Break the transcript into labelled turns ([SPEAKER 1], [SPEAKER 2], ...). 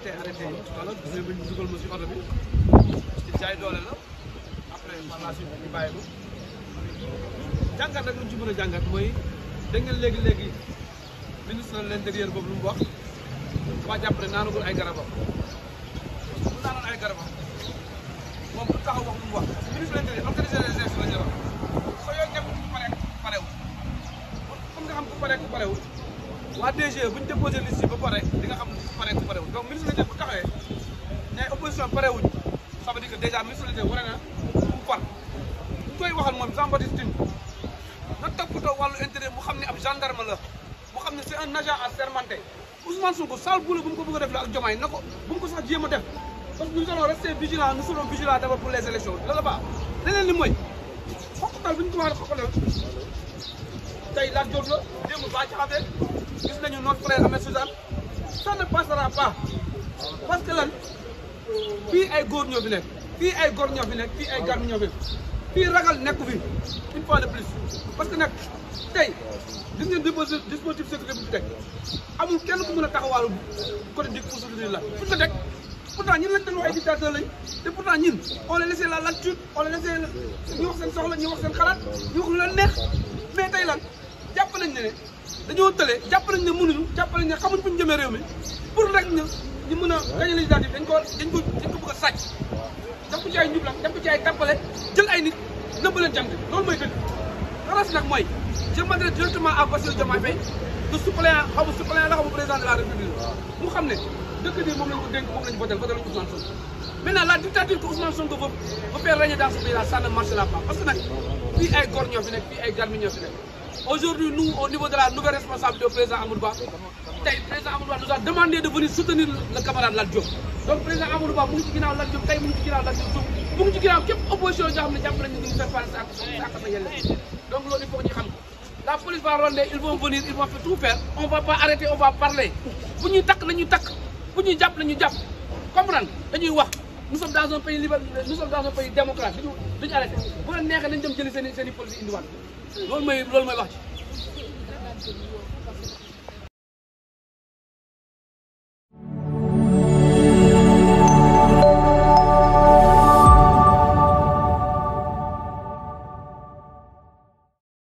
[SPEAKER 1] arrêté arrêté wala gis nañ ñu dugal ma si oto bi doole la après par la jàngat rek lu ñu jàngat mooy dégg ngeen léegi léegi ministre de l'intérieur boobu lu mu wax waa jàpp ne naanagul ay garabam bu naanoon ay garabam moom bu taxaw wax lu ministre de la ñu soo yooyu ñëpp ku pare parewul kon xam ku pare ku parewul waa DG bu ñu déposé liste yi ba pare di nga xam pare ku parewuñ donc ministre de bu taxawee ne opposition parewuñ ça veut dire que déjà ministre de war na ku par ñu koy waxal moom Jean Baptiste Tine na toppatoo wàllu intérêt mu xam ne ab gendarme la mu xam ne c'est un agent assermenté Ousmane Sonko sale boulot bu mu ko bëgg def la ak Diomaye na ko bu mu ko sax jéem a def parce que nous allons rester vigilants nous serons vigilants d'abord pour les élections loolu ba leneen li mooy xoqatal bu ñu ko waxee xoqatal tey laaj jot la démb notre frère Ahmed Suzanne ça ne parce que lan fii ay góor ñoo fi nekk fii ay góor ñoo fi nekk fii ay gàmm ñoo fi fii ragal nekku fi une plus parce que nag tey di ngeen dispositif sécurité bi fi amul kenn ku mën a taxawaalu côté di poursuivre la fu ñu ko teg pourtant ñun lañ doon wax ay dictateur lañ te pourtant ñun on les laissé la latitude on les laissé ñu wax seen soxla ñu wax seen xalaat ñu wax lu leen neex mais tey lan jàpp nañ ne dañoo tële jàpp nañ ne mënuñu jàpp ne xamuñ fu ñu jëmee mi pour rek ñu ñu mën a gañe législative dañ ko dañ ko dañ ko bëgg a sàcc daf ko ci ay njublam daf ko ci ay tàppale jël ay nit nëbb leen jàng loolu mooy dëgg xalaas nag mooy je m'adresse directement à Bassirou Diomaye Faye du suppléant xaw ma la xaw ma président de la république mu xam ne dëkk bi moom lañ ko moom la dictature que Ousmane Sonko veut veut faire régner dans ce pays là ça ne marchera pas parce que nag fii ay góor ñoo fi nekk fii ay garmi ñoo fi Aujourd'hui, nous, au niveau de la nouvelle responsabilité du président Amourba, le président Amourba nous a demandé de venir soutenir le camarade Ladjo. Donc, le président Amourba, nous sommes dans Ladjo, nous sommes dans Ladjo, nous sommes dans quelle opposition nous avons faire face à Donc, il faut que la police va ronder, ils vont venir, ils vont faire On va pas arrêter, on va parler. Vous nous tac, nous tac. Vous nous jappez, nous jappez. Comprendre Nous nous nous sommes dans un pays libéral nous sommes dans un pays démocrate duñu duñu arrêté bu la neexee nañ dem jëli seen i seen i police indiwaat loolu mooy loolu mooy wax